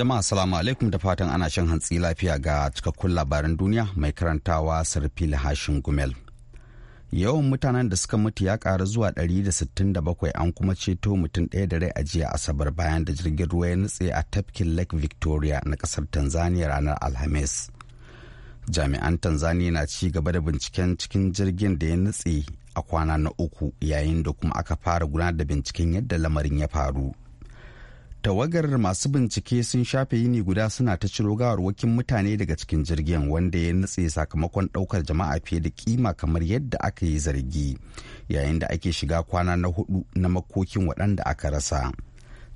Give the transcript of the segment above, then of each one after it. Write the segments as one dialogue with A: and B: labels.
A: Jama'a salamu alaikum da fatan ana shan hantsi lafiya ga cikakkun labaran duniya mai karantawa sarfil hashin gumel. Yawan mutanen da suka mutu ya karu zuwa 167 an kuma ceto mutum ɗaya da rai a jiya Asabar bayan da jirgin ruwa ya nutse a tafkin Lake Victoria na kasar Tanzania ranar Alhamis. Jami'an Tanzania na ci gaba da binciken cikin jirgin da ya nutse a kwana na uku yayin da kuma aka fara gudanar da binciken yadda lamarin ya faru. tawagar masu bincike sun shafe yini guda suna ta ciro gawarwakin mutane daga cikin jirgin wanda ya nutse sakamakon daukar jama'a fiye da kima kamar yadda aka yi zargi yayin da ake shiga kwana na hudu na makokin waɗanda aka rasa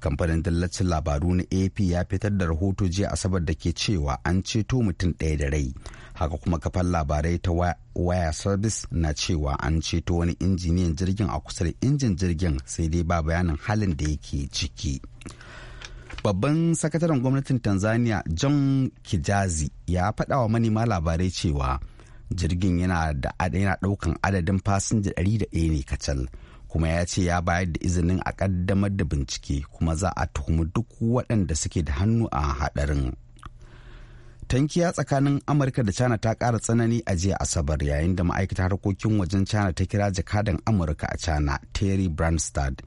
A: kamfanin dallacin labaru na ap ya fitar da rahoto jiya asabar da ke cewa an ceto mutum ɗaya da rai haka kuma kafar labarai ta waya service na cewa an ceto wani injiniyan jirgin a kusa da injin jirgin sai dai ba bayanin halin da yake ciki babban sakataren gwamnatin tanzania john kijazi ya faɗa wa manema labarai cewa jirgin yana da yana ɗaukan adadin fasinja 101 ne kacal kuma ya ce ya bayar da izinin a ƙaddamar da bincike kuma za a tuhumi duk waɗanda suke da hannu a haɗarin tankiya tsakanin amurka da china ta ƙara tsanani a jiya asabar yayin da ma'aikatar harkokin wajen china ta kira jakadan amurka a china terry branstad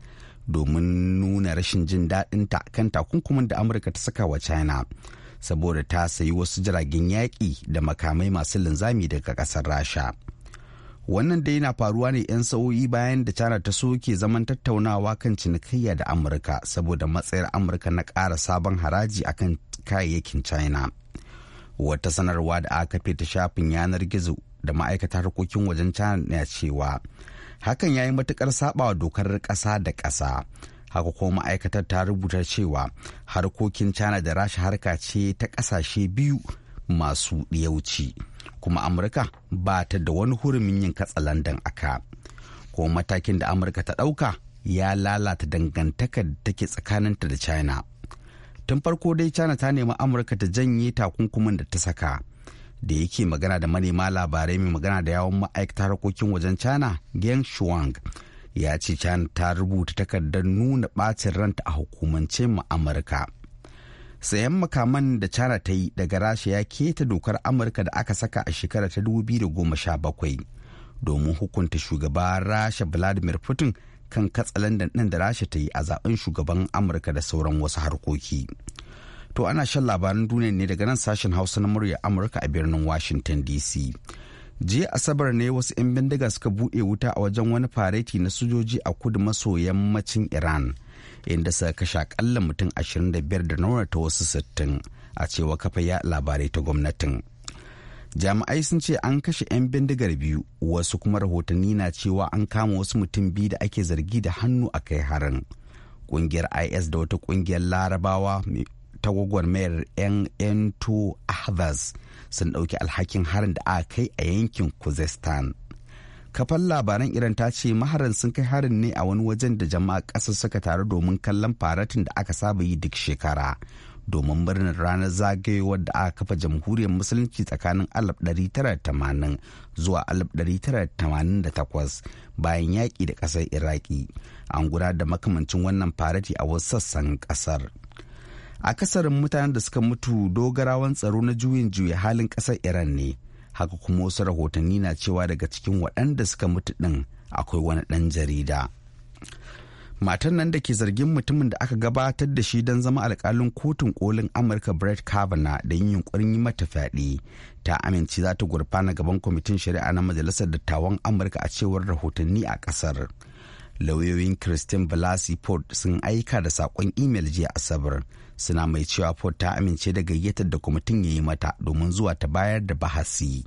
A: domin nuna rashin jin daɗin ta kan takunkumin da amurka ta saka wa china saboda ta sayi wasu jiragen yaƙi da makamai masu linzami daga ƙasar rasha wannan dai na faruwa ne 'yan sa'o'i bayan da china ta soke zaman tattaunawa kan cinikayya da amurka saboda matsayar amurka na ƙara sabon haraji akan kayayyakin china wata sanarwa da aka fita shafin yanar gizo da ma'aikatar harkokin wajen china na cewa hakan ya yi matukar sabawa dokar ƙasa da ƙasa haka kuma ma'aikatar ta rubuta cewa harkokin china da rasha harka ce ta ƙasashe biyu masu ɗiyauci kuma amurka ba ta da wani hurumin yin katsalandan aka kuma matakin da amurka ta ɗauka ya lalata dangantaka da take tsakaninta da china tun farko dai china ta nemi amurka ta janye takunkumin da ta saka da yake magana da manema labarai mai magana da yawon ma'aikata harkokin wajen china geng shuang ya ce china ta rubuta takardar nuna bacin ranta a hukumance ma amurka sayan makaman da china ta yi daga rasha ya keta dokar amurka da aka saka a shekara ta 2017 domin hukunta shugaba rasha vladimir putin kan katsalandan ɗin da rasha ta yi a zaben shugaban amurka da sauran wasu harkoki. To ana shan labaran duniya ne daga nan sashen Hausa na murya Amurka a birnin Washington DC. Jiya Asabar ne wasu 'yan bindiga suka buɗe wuta a wajen wani fareti na sojoji a kudu maso yammacin Iran, inda suka kashe akalla mutum 25 da ta wasu 60 a cewa kafa ya labarai ta gwamnatin. jami'ai sun ce an kashe 'yan bindigar biyu wasu kuma rahotanni na cewa an kama wasu mutum biyu da ake zargi da hannu a kai harin ƙungiyar is da wata ƙungiyar larabawa ta gwagwarmayar 'yan 'yanto ahvaz sun ɗauki alhakin harin da aka kai a yankin kuzestan kafan labaran iran ta ce maharan sun kai harin ne a wani wajen da jama'a ƙasar suka taru domin kallon faratin da aka saba yi duk shekara domin murnar ranar zagayowar da aka kafa jamhuriyar musulunci tsakanin 1980 zuwa 1988 bayan yaƙi da ƙasar iraki an gudanar da makamancin wannan farati a wasu sassan ƙasar. a akasarin mutanen da suka mutu dogarawan tsaro na juyin juya halin ƙasar iran ne haka kuma wasu rahotanni na cewa daga cikin waɗanda suka mutu ɗin akwai wani ɗan jarida matan nan da ke zargin mutumin da aka gabatar da shi don zama alkalin kotun kolin amurka brett kavanaugh da yin yunkurin yi mata fyaɗe ta amince za ta gurfana gaban kwamitin shari'a na majalisar dattawan amurka a cewar rahotanni a ƙasar lauyoyin christine blasey ford sun aika da saƙon imel jiya asabar suna mai cewa ford ta amince da gayyatar da kwamitin ya yi mata domin zuwa ta bayar da bahasi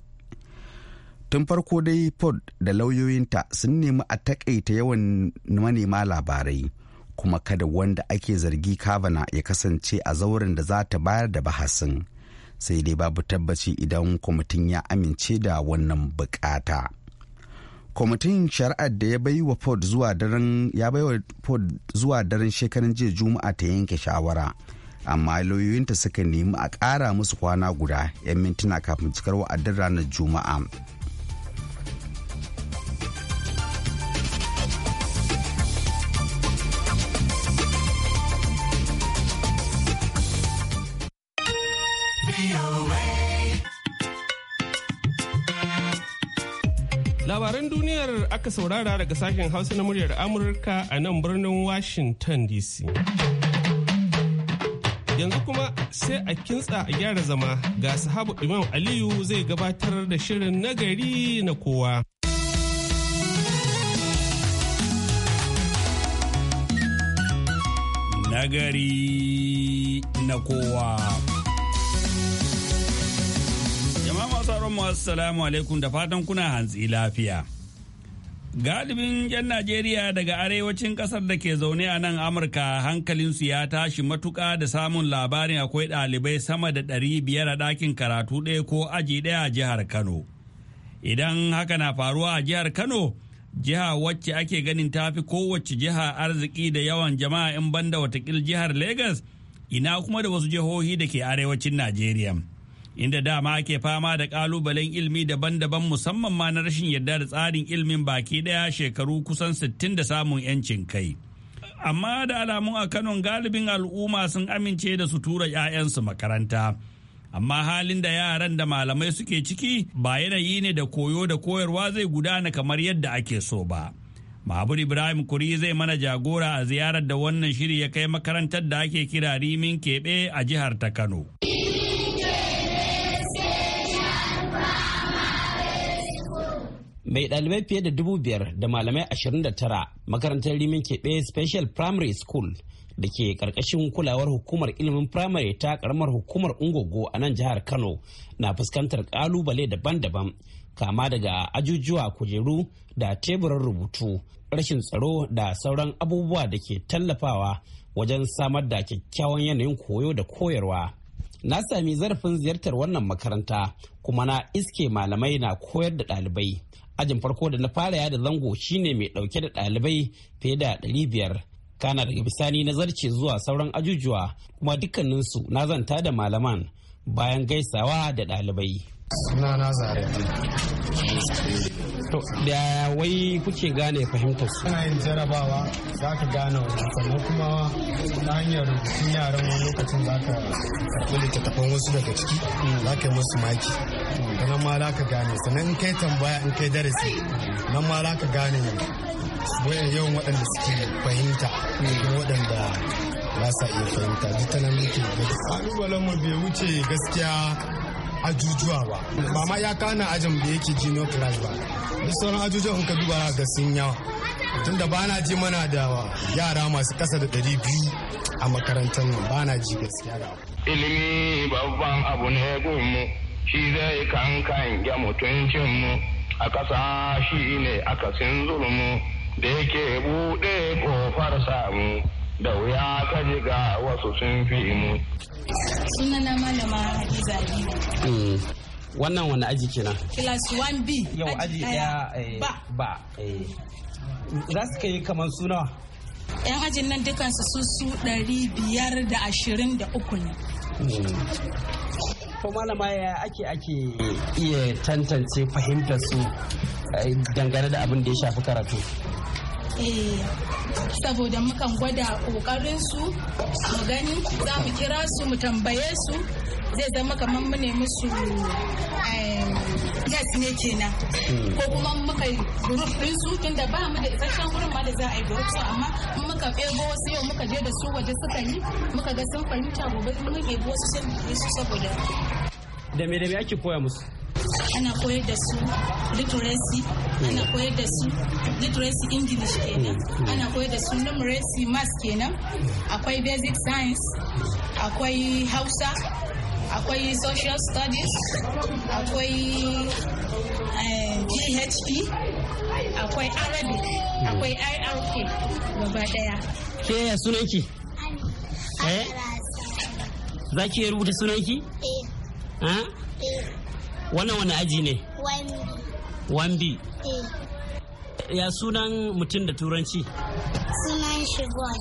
A: tun farko dai ford da lauyoyinta sun nemi a takaita yawan manema labarai kuma kada wanda ake zargi kavana ya kasance a zauren da za ta bayar da bahasin sai dai babu tabbaci idan kwamitin ya amince da wannan bukata kwamitin shari'ar da ya bai wa ford zuwa daren shekarun jiya juma'a ta yanke shawara amma lauyoyinta suka nemi a ƙara musu kwana guda 'yan mintuna kafin cikar wa'adin ranar juma'a
B: Labaran duniyar aka saurara daga sashen Hausa na muryar Amurka a nan birnin Washington DC. yanzu kuma sai a kintsa a gyara zama ga sahabu imam aliyu zai gabatar da shirin nagari na kowa
C: nagari na kowa jama'a masu masu salamu alaikum da fatan kuna hantsi lafiya Galibin 'yan Najeriya daga arewacin ƙasar da ke zaune a nan Amurka hankalinsu ya tashi matuƙa da samun labarin akwai ɗalibai sama da ɗari biyar a ɗakin karatu ɗaya ko aji ɗaya a jihar Kano. Idan haka na faruwa a jihar Kano, jiha wacce ake ganin ta fi kowace jiha arziki da yawan jama'a in banda watakil jihar Legas, ina kuma da wasu jihohi da ke arewacin Najeriya. inda dama ake fama da kalubalen ilmi daban-daban musamman ma na rashin yarda da tsarin ilmin baki ɗaya shekaru kusan 60 da samun 'yancin kai. Amma da alamun a Kano galibin al'umma sun amince da su tura 'ya'yansu makaranta. Amma halin da yaran da malamai suke ciki ba yanayi ne da koyo da koyarwa zai gudana kamar yadda ake so ba. Mahabur Ibrahim Kuri zai mana jagora a ziyarar da wannan shiri ya kai makarantar da ake kira Rimin Keɓe a jihar ta Kano.
D: mai dalibai fiye da dubu biyar da malamai ashirin da tara makarantar rimin keɓe special primary school da ke ƙarƙashin kulawar hukumar ilimin primary ta ƙaramar hukumar ungogo a nan jihar kano na fuskantar ƙalubale daban-daban kama daga ajujuwa kujeru da teburin rubutu rashin tsaro da sauran abubuwa da ke tallafawa wajen samar da kyakkyawan yanayin koyo da koyarwa na sami zarafin ziyartar wannan makaranta kuma na iske malamai na koyar da ɗalibai Ajin farko da na fara ya yada zango shine mai dauke da dalibai fiye da ɗari biyar. Kana daga bisani na zarce zuwa sauran ajujuwa kuma dukkaninsu na zanta da malaman bayan gaisawa da ɗalibai. suna na zare to da wai kuke gane fahimtar su ana yin jarabawa za ka gane wani sannan kuma ta hanyar rubutun yaran wani lokacin za ka karɓi littattafan
E: wasu daga ciki za ka yi musu maki nan ma za ka gane sannan in kai tambaya in kai darasi nan ma za ka gane yawan waɗanda suke fahimta da waɗanda ba sa iya fahimta duk ta nan muke kalubalen mu bai wuce gaskiya ajujuwa ba ba ma ya kana ajin da yake junior class ba duk sauran ajujuwa in ka duba ga sun yawa tunda ba na ji mana da yara masu kasa da ɗari biyu a makarantar nan ba na ji gaskiya da
F: ilimi babban abu ne gunmu shi zai kankan ya mutuncinmu a ƙasa shi ne akasin zulmu da yake buɗe ƙofar samu da wuya ka je ga wasu sun fi imu.
G: Sunana malama Hadiza
D: hmm. Wannan wani aji kenan?
G: Class 1B. Yau aji
D: ɗaya eh, ba. Ba. Eh. Za su kai kamar suna?
G: Yan ajin nan dukkan su su ɗari biyar da ashirin da uku ne.
D: Ko hmm. malama ya ake ake iya tantance fahimtar su eh, dangane da abin da ya shafi karatu?
G: saboda mukan gwada su mu gani za mu kira su mu tambaye su zai zama kamar mu ne musu gas eh, ne kenan hmm. ko kuma muka yi group din su tunda ba mu da isasshen gurin ma da za a yi group su amma in muka ebo wasu yau muka je da su waje suka yi muka ga sun fahimta gobe in mun ebo wasu sun su saboda
D: da me da me ake koya musu
G: ana koyar da su literacy ana koyar da su literacy english kenan mm, mm. ana koyar da su numeracy math kenan akwai basic science akwai hausa akwai social studies akwai G.H.P.
F: Eh, e, akwai arabic mm. akwai irk gaba daya
D: ke ya sunanki eh za ki rubuta sunanki eh
F: wannan wani aji ne
D: Wambi. Eh. ya sunan mutum da turanci
F: sunan shigon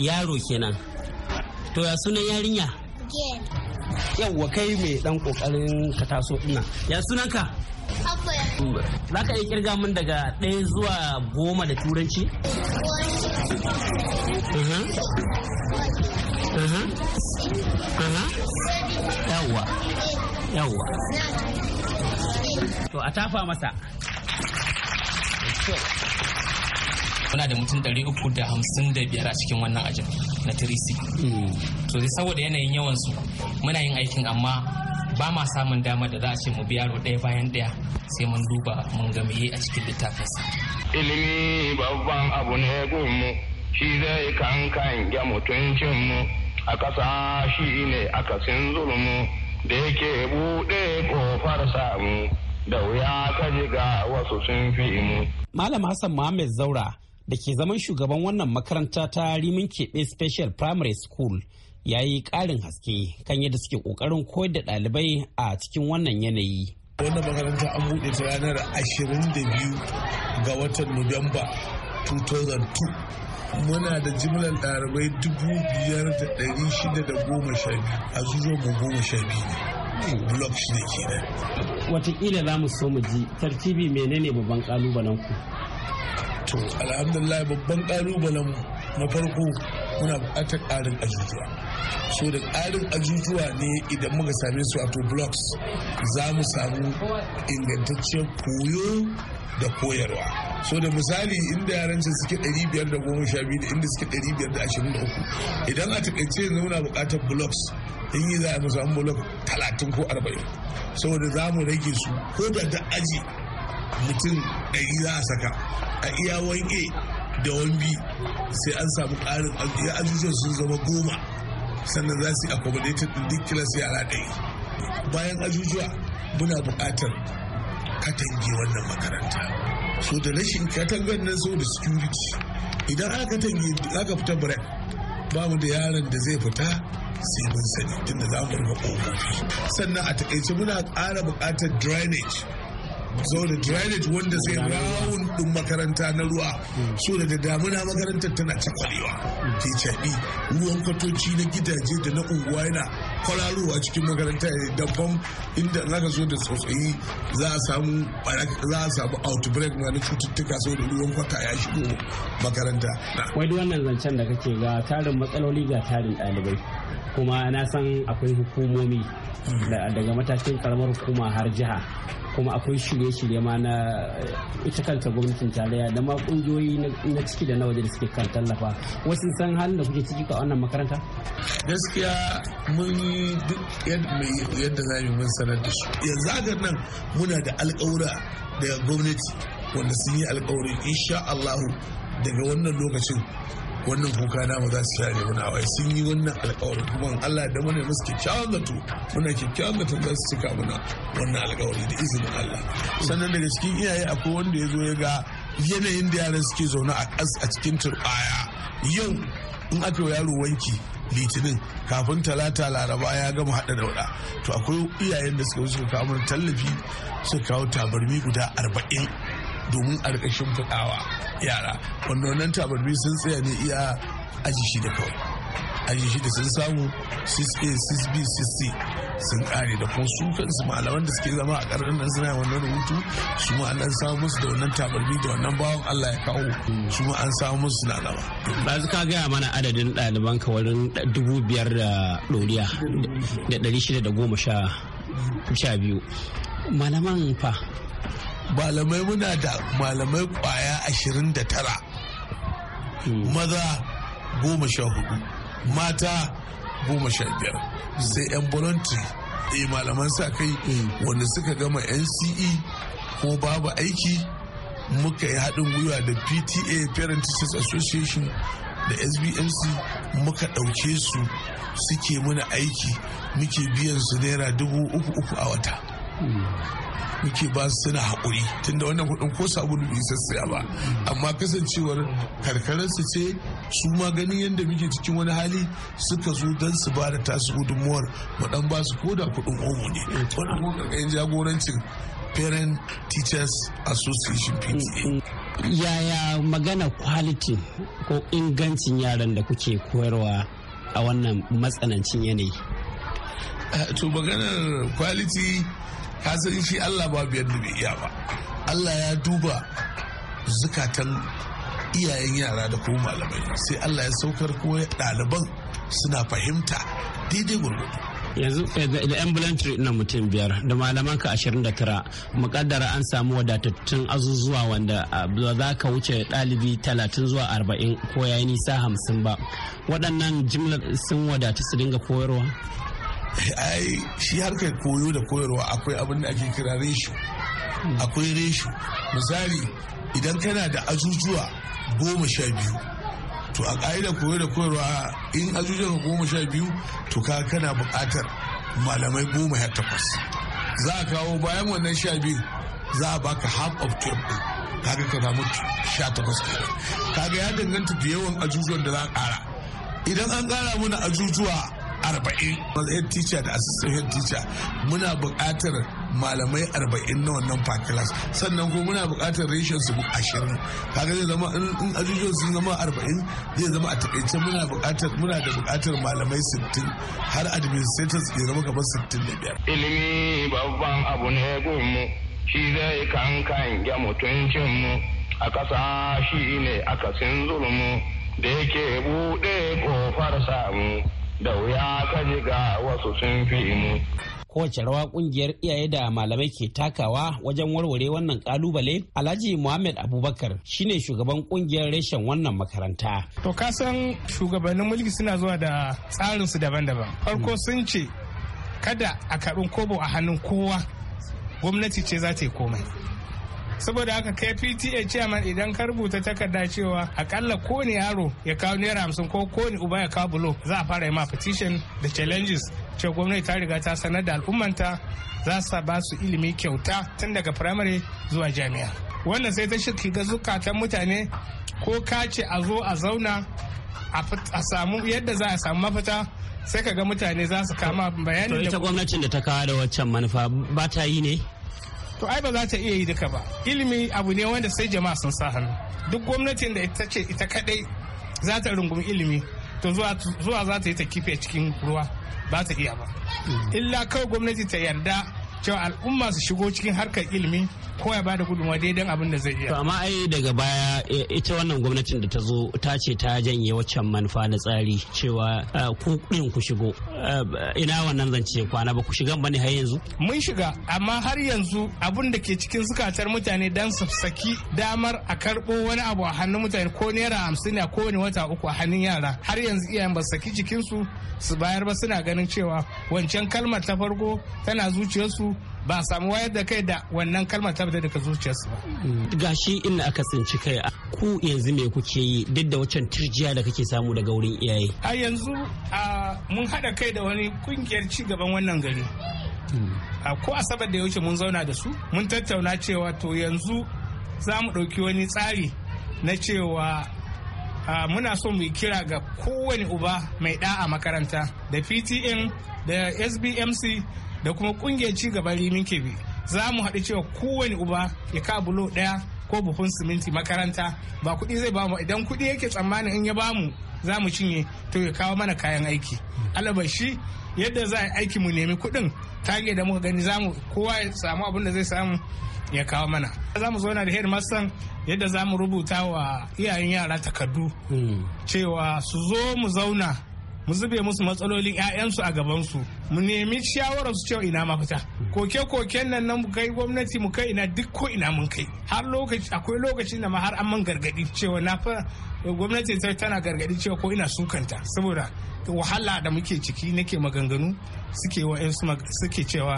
D: yaro kenan to ya sunan yarinya wa kai mai dan kokarin ka taso ina ya sunan ka za ka iya kirga min daga ɗaya zuwa goma da turanci
F: uh-huh. uh-huh. uh-huh. yawwa yawwa
D: to a tafa masa muna da mutum 355 a cikin wannan ajin na tirisi hmm. to sai saboda yanayin yawansu muna yin aikin amma ba ma samun dama da za a ce mu bi yaro ɗaya bayan ɗaya sai mun duba
F: mun gamiye a cikin littafinsa. ilimi babban abu ne gunmu shi zai kankan ya mutuncinmu a ƙasa shi ne akasin zulmu da yake buɗe ƙofar samu da wuya ka ga wasu sun fi mu.
D: Malam Hassan Mohammed Zaura da ke zaman shugaban wannan makaranta ta Rimin Keɓe Special Primary School ya yi ƙarin haske kan yadda suke ƙoƙarin koyar da ɗalibai a cikin wannan yanayi.
H: Wannan makaranta an buɗe ta ranar 22 ga watan Nuwamba 2002 muna da jimlar ɗarabai dubu biyar da ɗari shida da goma sha a zuwa goma sha biyu ne shi ne kenan watakila za mu so mu ji tartibi menene babban ƙalubalen ku to alhamdulillah babban ƙalubalen mu na farko muna buƙatar ƙarin ajujuwa so da ƙarin ajujuwa ne idan muka same su a blocks za mu samu ingantaccen koyo da koyarwa so da misali inda yaran su suke 512 da inda suke 523 idan a takaice yanzu muna buƙatar blocks in yi za a musamman an block 30 ko 40 saboda za mu rage su ko da ta aji mutum 100 za a saka a iyawan a da wambi sai an samu ƙarin ajujuwan sun zama goma sannan za su yi accommodated din duk kilas yara ɗaya bayan ajujuwa muna buƙatar katange wannan makaranta so da rashin katangan nan so da security idan aka katange aka fita ba babu da yaron da zai fita sai mun sani tunda za mu rufe sannan a takaice muna ƙara buƙatar drainage zo da drainage wanda zai rawun din makaranta na ruwa so da damuna makarantar tana ta kwalewa ke ruwan kwatoci na gidaje da na unguwa yana kwararowa cikin makaranta ya dabam inda za ka zo da tsotsayi za a samu za a outbreak na cututtuka so da ruwan kwata ya shigo makaranta. wai wannan
D: zancen da kake ga tarin matsaloli ga tarin ɗalibai kuma na san akwai hukumomi daga matakin karamar hukuma har jiha kuma akwai shirye-shirye ma na eh, ita kanta gwamnatin tarayya da ma kungiyoyi na ciki da na waje da suke kan tallafa wasu san halin da kuke ciki a wannan makaranta
H: gaskiya mun yi duk yadda za mu mun sanar da shi yanzu a nan muna da alƙawura da gwamnati wanda sun yi alƙawarin insha daga wannan lokacin wannan kuka namu za su share wani awai sun yi wannan alkawarin kuma Allah da muna musu kyakkyawan zato muna kyakkyawan zato za su cika muna wannan alkawari da izinin Allah sannan daga cikin iyaye akwai wanda ya zo ya ga yanayin da yaran suke zaune a a cikin turbaya yau in aka yaro wanki litinin kafin talata laraba ya gama hada da wada. to akwai iyayen da suka wuce kawo tallafi suka kawo tabarmi guda arba'in domin a rika yara wanda wannan tabarbi sun tsaya ne iya aji shi da kawai aji shi da sun samu 6a 6b 6c sun kare da kuma su kansu malaman da suke zama a ƙarƙar nan suna wannan rubutu su ma an samu musu da wannan tabarbi da wannan bawan Allah ya kawo su ma an samu musu suna Ba su
D: ka gaya mana adadin ɗaliban ka wurin dubu biyar da ɗoriya da ɗari shida da goma sha biyu. Malaman fa malamai
H: muna da malamai kwaya 29 maza 14 mata 15 sai yan voluntary eh malaman sa kai wanda suka gama nce ko babu aiki muka yi haɗin gwiwa da pta parent association da sbmc muka ɗauke su suke muna aiki muke biyan su naira dubu uku uku a wata muke ba su suna haƙuri tunda wannan kuɗin ko sabulu bai sassaya ba amma kasancewar karkararsu ce su ma ganin yadda muke cikin wani hali suka zo don su ba da tasu gudunmuwar mu dan ba su koda kuɗin omo ne wannan ko jagorancin parent teachers association pta yaya magana quality ko ingancin
D: yaran da kuke koyarwa a wannan matsanancin yanayi
H: eh, to maganar quality ka san shi Allah ba biyan da bai iya ba Allah ya duba zukatan iyayen yara da kuma malamai sai Allah ya saukar ko ɗaliban suna fahimta daidai gurgudu yanzu eh,
D: da ambulatory na mutum biyar da malaman ka 29 mukaddara an samu wadatattun azuzuwa wanda ah, ba za ka wuce dalibi 30 zuwa 40 ko yayi nisa 50 ba waɗannan jimlar sun wadatu su dinga koyarwa
F: ai
H: shi harkar koyo da koyarwa akwai abin da ake kira reshu akwai reshu misali idan kana da ajujuwa goma sha biyu to a ka'ida koyo da koyarwa in ajujuwa goma sha biyu to ka kana buƙatar malamai goma ya takwas za a kawo bayan wannan sha biyu za a baka half of twelve kaga ka samu sha takwas kaga ya danganta da yawan ajujuwan da za a ƙara idan an ƙara mana ajujuwa arba'in head teacher da assistant head teacher muna buƙatar malamai arba'in na wannan fakilas sannan kuma muna buƙatar reshen su ashirin kaga zai zama in ajujuwan sun zama arba'in zai zama a takaice muna buƙatar muna da buƙatar malamai sittin har administrators ya zama kamar
F: sittin da biyar. ilimi babban abu ne gunmu shi zai kankan ya mutuncinmu a ƙasa shi ne akasin zulmu da yake buɗe ƙofar samu da wuya ka ji ga wasu sun fi mu.
D: kowace rawa kungiyar iyaye da malamai ke takawa wajen warware wannan kalubale alhaji muhammad abubakar shine shugaban kungiyar reshen wannan makaranta
G: to ka san shugabannin mulki suna zuwa da tsarinsu daban-daban farko hmm. sun ce kada a karɓin kobo a hannun kowa gwamnati ce za ta yi komai saboda haka kai pta chairman idan ka rubuta takarda cewa akalla ne yaro ya kawo naira hamsin ko ne uba ya kawo bulo za a fara yi ma petition da challenges cewa gwamnati ta riga ta sanar da al'ummanta za su ba su ilimi kyauta tun daga primary zuwa jami'a wannan sai ta shiga zukatan mutane ko ka ce a zo a zauna a samu yadda za a samu mafita sai ka ga mutane za su kama bayanin da ita gwamnatin da ta kawo da waccan manufa ba ta yi ne to ai ba za ta iya yi duka ba ilimi abu ne wanda sai jama'a sun sa hannu duk gwamnatin da ita ce ita kadai za ta rungumi ilimi to zuwa za ta yi ta kife cikin ruwa ba ta iya ba mm. illa kawai gwamnati ta yarda cewa al'umma su shigo cikin harkar ilimi Koya bada da gudunmawa daidan abin da zai iya. To amma ai daga
D: baya eh, ita wannan gwamnatin da ta zo ta ce ta janye waccan manufa na tsari cewa eh, ku din ku shigo eh, ina wannan zance kwana
G: ba ku shigan bane har yanzu. Mun shiga amma har yanzu abin da ke cikin zukatar mutane dan saki damar a karbo wani abu a hannun mutane ko naira hamsin a kowane wata uku a hannun yara har yanzu iyayen ba saki jikinsu su bayar ba suna ganin cewa wancan kalmar ta farko tana zuciyarsu ba samu wayar da kai da wannan kalmar ta fita daga zuciyarsu ba.
D: Gashi inda aka tsinci kai ku yanzu me kuke yi duk da waccan turjiya da kake samu daga wurin iyaye.
G: A yanzu mun haɗa kai da wani kungiyar ci gaban wannan gari. Ko asabar da ya wuce mun zauna da su mun tattauna cewa to yanzu za mu ɗauki wani tsari na cewa muna so mu kira ga kowane uba mai ɗa a makaranta da ptn da sbmc da kuma kungiyar ci gaban rinin kebe za mu haɗu cewa kowane uba ya ka bulo ɗaya ko buhun siminti makaranta ba kuɗi zai bamu idan kuɗi yake tsammanin in ya bamu za mu cinye to ya kawo mana kayan aiki alabashi yadda za a aiki mu nemi kuɗin tage da muka gani za mu kowa ya samu abin da zai samu ya kawo mana za mu zauna da headmaster yadda za mu rubuta wa iyayen yara takardu hmm. cewa su zo mu zauna mu zube musu matsalolin 'ya'yansu a gabansu mu nemi shawarar su cewa ina mafita koke koken nan nan kai gwamnati mu kai ina duk ko ina mun kai har lokaci akwai lokacin da ma har an man gargadi cewa na fa gwamnati tana gargadi cewa ko ina sukanta saboda wahala da muke ciki nake maganganu suke wa'yansu suke cewa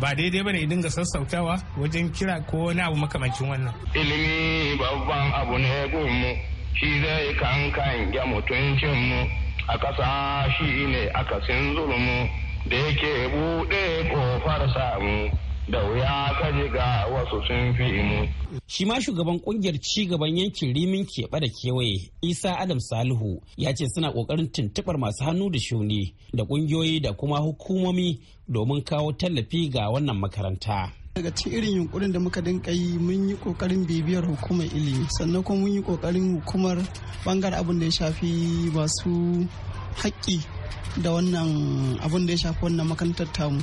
G: ba daidai bane dinga sassautawa wajen kira ko wani abu makamancin wannan
F: ilimi babban abu ne gumu shi zai kankan ya mutuncinmu a ƙasa shi ne akasin zulumu da yake buɗe ƙofar samu da wuya ka ga wasu sun fi mu.
D: Shi ma shugaban kungiyar cigaban yankin rimin keɓe da kewaye Isa Adam Salihu ya ce suna ƙoƙarin tuntuɓar masu hannu da shuni da ƙungiyoyi da kuma hukumomi domin kawo tallafi ga wannan makaranta. daga cikin irin yunkurin da muka dinka yi mun yi kokarin bibiyar hukumar ilimi sannan kuma mun yi kokarin hukumar bangar abin da ya shafi masu haƙƙi da wannan abin da ya shafi wannan makarantar tamu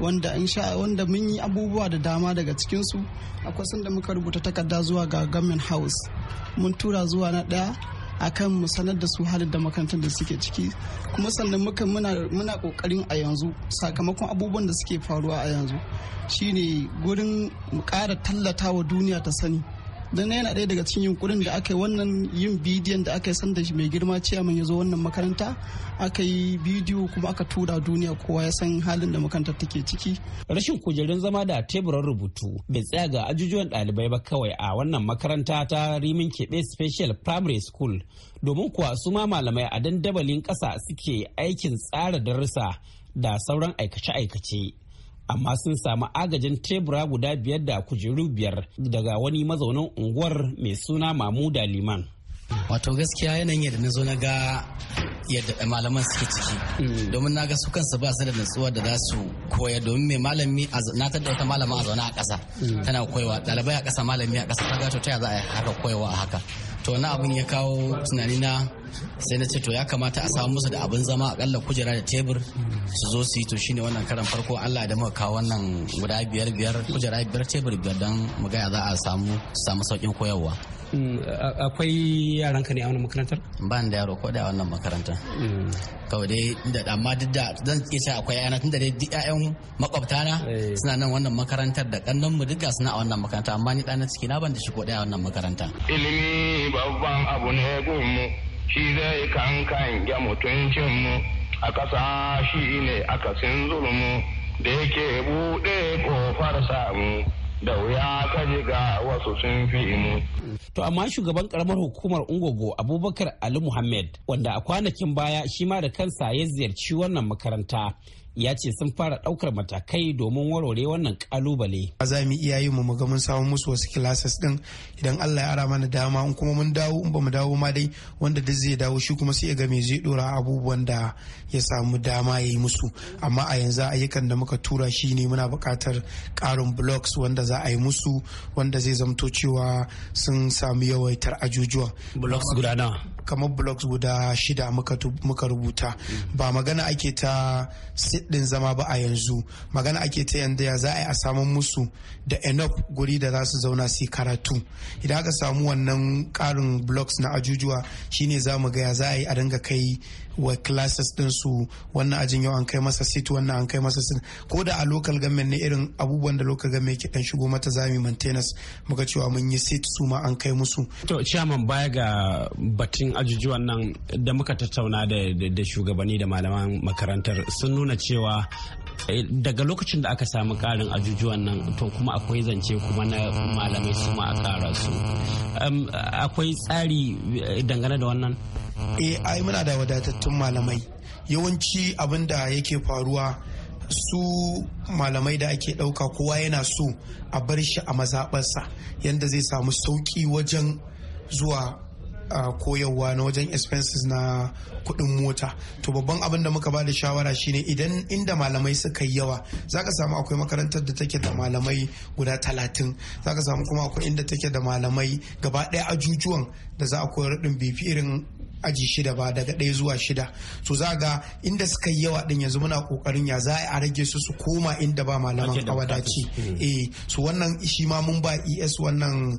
D: wanda in sha wanda mun yi abubuwa da dama daga cikinsu akwai sun da muka rubuta takarda zuwa ga government house mun tura zuwa na ɗaya akan mu sanar da su halin da makarantar da suke ciki kuma sannan muka muna kokarin a yanzu sakamakon abubuwan da suke faruwa a yanzu shine gurin mu kara tallata wa duniya ta sani don yana ɗaya daga cikin yunkurin da aka yi wannan yin bidiyon da aka yi sanda mai girma cewa ya zo wannan makaranta aka yi bidiyo kuma aka tura duniya kowa ya san halin da makarantar take ciki rashin kujerun zama da teburan rubutu bai tsaya ga ajujuwan ɗalibai ba kawai a wannan makaranta ta rimin keɓe special primary school domin kuwa su ma malamai a dandabalin ƙasa suke aikin tsara darussa da sauran aikace-aikace amma sun samu agajin tebura guda biyar da kujeru biyar daga wani mazaunin unguwar mai suna mamuda liman wato gaskiya yanayin da na zo na ga yadda malaman suke ciki mm. domin na ga su kansu ba su da nutsuwa da za su koya domin mai malami na tada wata malama a zaune a ƙasa mm. tana koyawa ɗalibai a ƙasa malami a ƙasa ta gato ta za a haka koyawa a haka to wani abin ya kawo tunani na sai na ce to ya kamata a samu musu da abin zama akalla kujera da tebur mm. su zo su yi to shine wannan karan farko Allah da muka kawo wannan guda biyar biyar kujera biyar tebur biyar don mu ga za a samu samu saukin koyarwa Mm, akwai yaran ka ne a wannan makarantar ba da yaro ko da a wannan makarantar mm. kawai dai da amma duk da zan iya cewa akwai yana da dai duk ƴaƴan makwabta na eh. suna nan wannan makarantar da kannan mu duka suna a wannan makaranta amma ni ɗana ciki na ban da shi ko da a wannan makaranta
F: ilimi babban abu ne gunmu shi zai kankan ya mutuncin mu a ƙasa shi ne akasin zulumu da yake buɗe ƙofar samu da wuya ka je ga wasu
D: sun fi imu. To amma shugaban karamar hukumar Ungogo Abubakar Ali Muhammad wanda a kwanakin baya shi ma da kansa ya ziyarci wannan makaranta ya ce sun fara ɗaukar matakai domin warware wannan kalubale.
E: za mu iya yi mu ga mun samu musu wasu classes din idan Allah ya ara mana dama in kuma mun dawo in ba mu dawo ma dai wanda duk zai dawo shi kuma sai ya ga me zai dora abubuwan da ya samu dama ya yi musu amma a yanzu ayyukan da muka tura shi ne muna buƙatar ƙarin blocks wanda za a yi musu wanda zai zamto cewa sun samu yawaitar ajujuwa. blocks guda nawa. kamar blogs guda shida muka rubuta mm. ba magana ake ta siddin zama ba a yanzu magana ake ta yanda ya za a yi a samun musu da enough guri da za su zauna su karatu idan aka samu wannan karin blogs na ajujuwa shine za mu ga ya za a yi a dinga kai wa classes din su wannan ajin yau an kai masa sit wannan an kai masa sit ko da a local government ne irin abubuwan da local government ke dan shigo mata zami maintenance muka cewa
D: mun yi sit su ma an kai musu to chairman baya ga batun ajujuwan nan da muka tattauna da shugabanni da malaman makarantar sun nuna cewa eh, daga lokacin da aka samu karin ajujuwan nan to kuma akwai zance kuma na malamai su ma a kara su akwai tsari eh, dangane da wannan eh ai muna
E: da wadatattun malamai yawanci abin da yake faruwa su malamai da ake ɗauka kowa yana so a bar shi a mazaɓarsa yadda zai samu sauƙi wajen zuwa uh, koyarwa na wajen expenses na kuɗin mota to babban abin da muka ba da shawara shine idan inda malamai suka yi yawa za ka samu akwai makarantar da take da malamai guda talatin za ka samu kuma akwai inda take da malamai gaba ɗaya ajujuwan da za a koyar din bifi irin aji shida ba daga ɗaya zuwa shida to za ga inda suka yi yawa din yanzu muna kokarin ya za a rage su su koma inda ba malaman a wadaci hmm. eh Su wannan shi ma mun ba es wannan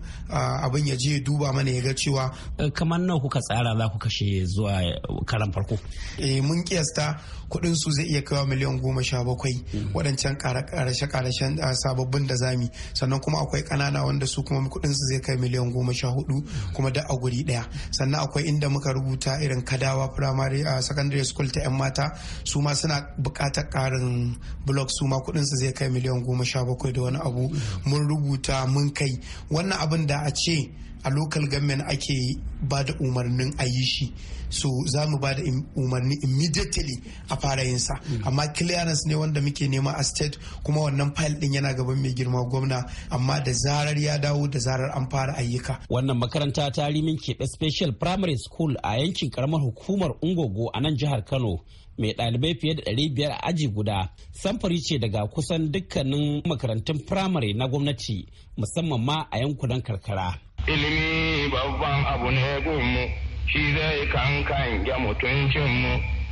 E: abin ya je duba mana ya ga cewa eh, kamar nawa kuka tsara za ku kashe zuwa karan farko eh mun kiyasta kuɗin su zai iya kawo miliyan goma sha bakwai waɗancan karashe-karashen ah, sababbin da zami sannan kuma akwai kanana wanda su kuma kuɗin su zai kai miliyan goma sha hudu kuma da a guri ɗaya sannan akwai inda muka rubuta irin kadawa primary a ah, secondary school ta 'yan mata su ma suna bukatar ƙarin blog su ma kuɗin su zai kai miliyan goma sha bakwai da wani abu mun rubuta mun kai wannan abin da a ce a local government ake ba da umarnin a yi shi so za mu ba da umarni immediately a fara yin sa mm. amma clearance ne wanda muke nema a state kuma wannan fayil din yana gaban mai girma gwamna amma da zarar ya dawo da zarar
D: an fara ayyuka wannan makaranta ta rimin keɓe special primary school a yankin karamar hukumar ungogo a nan jihar kano mai ɗalibai fiye da ɗari biyar a aji guda samfari ce daga kusan dukkanin makarantun firamare na gwamnati musamman ma a yankunan karkara
F: ilimi babban abu ne gunmu shi zai kankan ya mu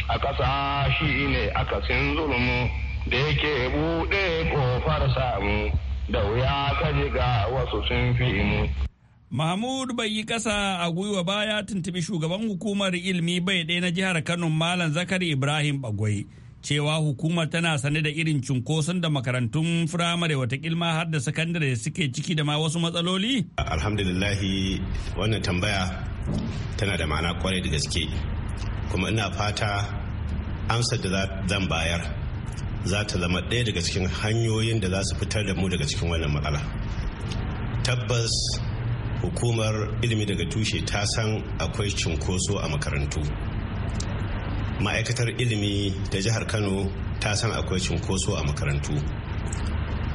F: a ƙasa shi ne akasin zulmu da yake buɗe ƙofar samu da wuya ka jiga wasu sun fi mu.
C: Mahmud bai yi ƙasa a gwiwa baya tuntubi shugaban hukumar ilimi bai ɗaya na jihar Kano Malam Zakari Ibrahim Bagwai. cewa hukumar tana sane da irin cunkoson da makarantun firamare watakilma har da sakandare suke ciki da ma wasu matsaloli?
I: Alhamdulillahi wannan tambaya tana da ma'ana kwarai da gaske kuma ina fata amsar da zan bayar za ta zama ɗaya daga cikin hanyoyin da za su fitar da mu daga cikin wannan matsala. Tabbas hukumar ilimi daga tushe ta san akwai cunkoso a makarantu. ma'aikatar ilimi da jihar kano ta san akwai cinkoso a makarantu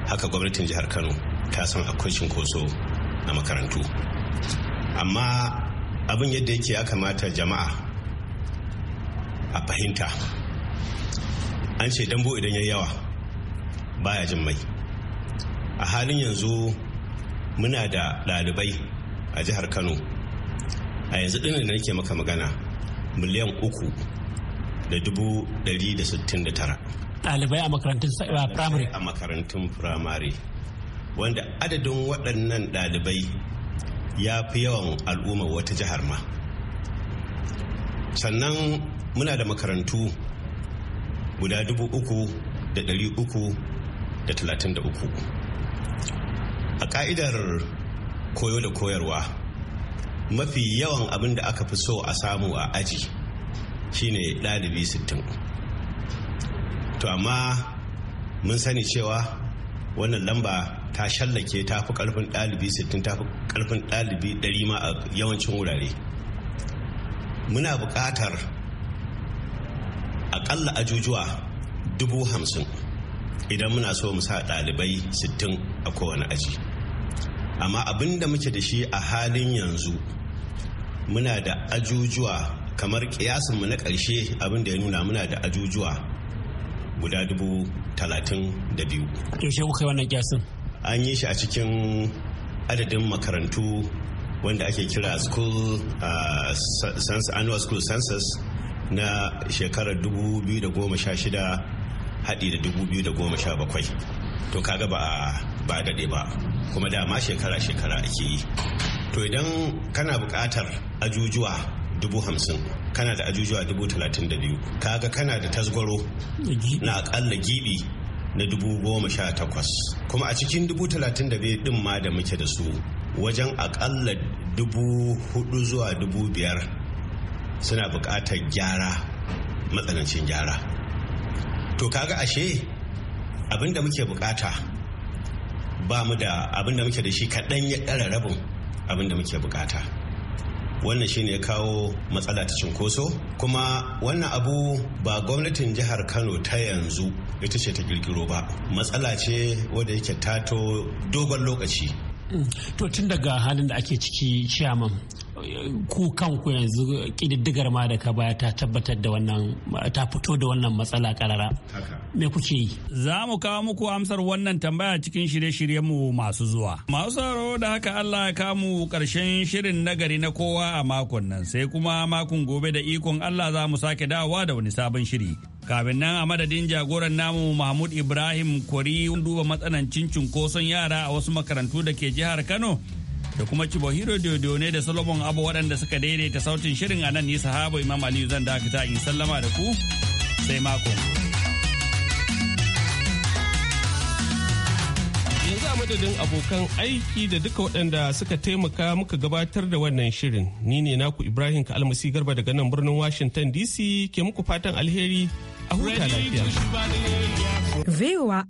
I: haka gwamnatin jihar kano ta san akwai cinkoso a makarantu amma abin yadda yake ya kamata jama'a a fahimta an ce dambo idan ya yawa baya jin mai a halin yanzu muna da ɗalibai a jihar kano a yanzu ɗin da nake maka magana miliyan uku da dubu dari da sittin da tara
D: ɗalibai a makarantun firamare
I: a makarantun firamare wanda adadin waɗannan ɗalibai ya fi yawan al'umma wata jihar ma sannan muna da makarantu guda dubu uku da ɗari uku da talatin da uku a ka'idar koyo da koyarwa mafi yawan abin da aka fi so a samu a aji shine ɗalibi sittin to amma mun sani cewa wannan lamba ta shallake ta fi karfin ɗalibi sittin ta fi karfin ɗalibi ɗari ma a yawancin wurare muna buƙatar aƙalla ajujuwa dubu hamsin idan muna so mu sa ɗalibai sittin a kowane aji amma abin da muke da shi a halin yanzu muna da ajujuwa kamar kiyasinmu na ƙarshe abin da ya nuna muna da ajujuwa guda dubu talatin da biyu yaushe kuka yi wannan kiyasin an yi shi a cikin adadin makarantu wanda ake kira school uh, annual school census na shekarar shida haɗi da dubu biyu da goma sha bakwai. to kaga ba ba daɗe ba kuma dama shekara-shekara ake yi to idan kana buƙatar ajujuwa dubu hamsin kana da ajujuwa dubu talatin da biyu kaga kana da tasgwaro na akalla gibi na dubu goma sha takwas kuma a cikin dubu talatin da biyu din ma da muke da su wajen akalla dubu hudu zuwa dubu biyar suna bukatar gyara matsanancin gyara to kaga ashe abinda muke bukata ba mu da abinda muke da shi kaɗan ya ɗara rabin abinda muke bukata wannan shine ya kawo matsala ta cinkoso kuma wannan abu ba gwamnatin jihar kano ta yanzu ita ce ta kirkiro ba matsala ce wadda yake tato dogon lokaci
D: mm. to tun daga halin da ake ciki ciyaman ku kanku yanzu ƙididdigar ma da ka baya ta tabbatar da wannan ta fito da wannan matsala karara me kuke yi za mu
C: kawo muku amsar wannan tambaya cikin shirye shiryen mu masu zuwa masu sauraro da haka Allah ya kamu karshen shirin nagari na kowa a makon nan sai kuma makon gobe da ikon Allah za mu sake dawowa da wani sabon shiri kafin nan a madadin jagoran namu mahmud ibrahim kwari duba matsanancin cunkoson yara a wasu makarantu da ke jihar kano da kuma Kibohiro Dodo ne da Solomon Abu waɗanda suka daidaita sautin shirin a nan ni sahaba Imam Aliyu zan
B: dakata in sallama da ku sai mako. Yanzu a madadin abokan aiki da duka waɗanda suka taimaka muka gabatar da wannan shirin. Ni ne naku Ibrahim Kalmasi Garba daga nan birnin Washington DC ke muku fatan alheri a huta lafiya.